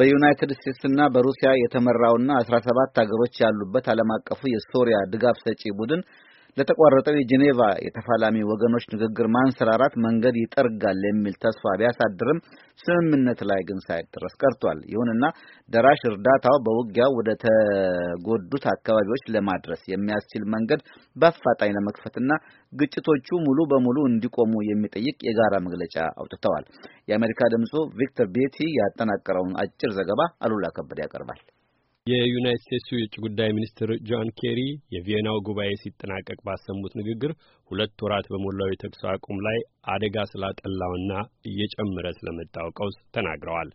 በዩናይትድ ስቴትስና በሩሲያ የተመራውና አስራ ሰባት ሀገሮች ያሉበት ዓለም አቀፉ የሶሪያ ድጋፍ ሰጪ ቡድን ለተቋረጠው የጄኔቫ የተፋላሚ ወገኖች ንግግር ማንሰራራት መንገድ ይጠርጋል የሚል ተስፋ ቢያሳድርም ስምምነት ላይ ግን ሳይደረስ ቀርቷል። ይሁንና ደራሽ እርዳታው በውጊያው ወደ ተጎዱት አካባቢዎች ለማድረስ የሚያስችል መንገድ በአፋጣኝ ለመክፈትና ግጭቶቹ ሙሉ በሙሉ እንዲቆሙ የሚጠይቅ የጋራ መግለጫ አውጥተዋል። የአሜሪካ ድምፁ ቪክተር ቤቲ ያጠናቀረውን አጭር ዘገባ አሉላ ከበደ ያቀርባል። የዩናይት ስቴትሱ የውጭ ጉዳይ ሚኒስትር ጆን ኬሪ የቪየናው ጉባኤ ሲጠናቀቅ ባሰሙት ንግግር ሁለት ወራት በሞላው የተኩስ አቁም ላይ አደጋ ስላጠላውና እየጨመረ ስለመጣው ቀውስ ተናግረዋል።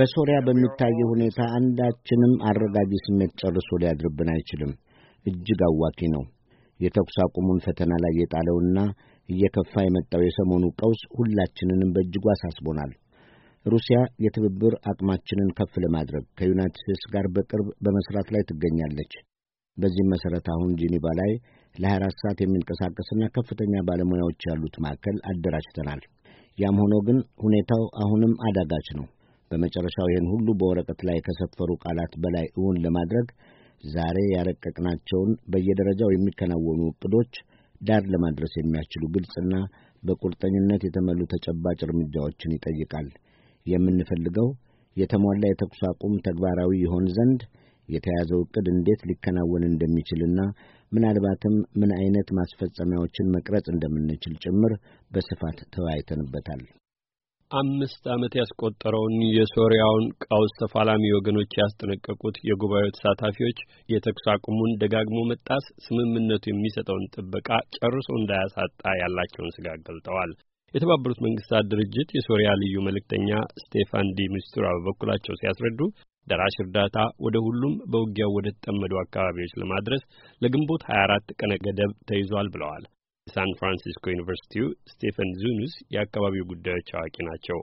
በሶሪያ በሚታየው ሁኔታ አንዳችንም አረጋጊ ስሜት ጨርሶ ሊያድርብን አይችልም። እጅግ አዋኪ ነው። የተኩስ አቁሙን ፈተና ላይ የጣለውና እየከፋ የመጣው የሰሞኑ ቀውስ ሁላችንንም በእጅጉ አሳስቦናል። ሩሲያ የትብብር አቅማችንን ከፍ ለማድረግ ከዩናይትድ ስቴትስ ጋር በቅርብ በመስራት ላይ ትገኛለች። በዚህም መሠረት አሁን ጂኒቫ ላይ ለ24 ሰዓት የሚንቀሳቀስና ከፍተኛ ባለሙያዎች ያሉት ማዕከል አደራጅተናል። ያም ሆኖ ግን ሁኔታው አሁንም አዳጋች ነው። በመጨረሻው ይህን ሁሉ በወረቀት ላይ ከሰፈሩ ቃላት በላይ እውን ለማድረግ ዛሬ ያረቀቅናቸውን በየደረጃው የሚከናወኑ ዕቅዶች ዳር ለማድረስ የሚያስችሉ ግልጽና በቁርጠኝነት የተሞሉ ተጨባጭ እርምጃዎችን ይጠይቃል። የምንፈልገው የተሟላ የተኩስ አቁም ተግባራዊ ይሆን ዘንድ የተያዘው ዕቅድ እንዴት ሊከናወን እንደሚችልና ምናልባትም ምን አይነት ማስፈጸሚያዎችን መቅረጽ እንደምንችል ጭምር በስፋት ተወያይተንበታል። አምስት ዓመት ያስቆጠረውን የሶሪያውን ቀውስ ተፋላሚ ወገኖች ያስጠነቀቁት የጉባኤው ተሳታፊዎች የተኩስ አቁሙን ደጋግሞ መጣስ ስምምነቱ የሚሰጠውን ጥበቃ ጨርሶ እንዳያሳጣ ያላቸውን ስጋት ገልጠዋል። የተባበሩት መንግስታት ድርጅት የሶሪያ ልዩ መልእክተኛ ስቴፋን ዲ ሚስቱራ በበኩላቸው ሲያስረዱ ደራሽ እርዳታ ወደ ሁሉም በውጊያው ወደ ተጠመዱ አካባቢዎች ለማድረስ ለግንቦት 24 ቀነ ገደብ ተይዟል ብለዋል። የሳን ፍራንሲስኮ ዩኒቨርሲቲው ስቴፈን ዙኑስ የአካባቢው ጉዳዮች አዋቂ ናቸው።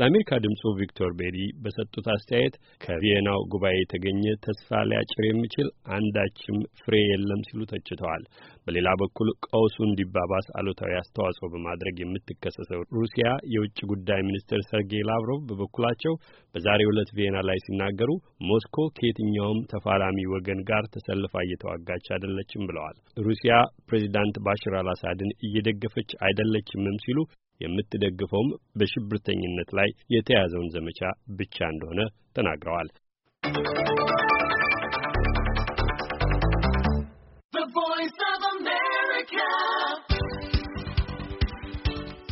ለአሜሪካ ድምፁ ቪክቶር ቤሪ በሰጡት አስተያየት ከቪየናው ጉባኤ የተገኘ ተስፋ ሊያጭር የሚችል አንዳችም ፍሬ የለም ሲሉ ተችተዋል። በሌላ በኩል ቀውሱ እንዲባባስ አሉታዊ አስተዋጽኦ በማድረግ የምትከሰሰው ሩሲያ የውጭ ጉዳይ ሚኒስትር ሰርጌይ ላቭሮቭ በበኩላቸው በዛሬው ዕለት ቪየና ላይ ሲናገሩ ሞስኮ ከየትኛውም ተፋላሚ ወገን ጋር ተሰልፋ እየተዋጋች አይደለችም ብለዋል። ሩሲያ ፕሬዚዳንት ባሽር አልአሳድን እየደገፈች አይደለችምም ሲሉ የምትደግፈውም በሽብርተኝነት ላይ የተያዘውን ዘመቻ ብቻ እንደሆነ ተናግረዋል።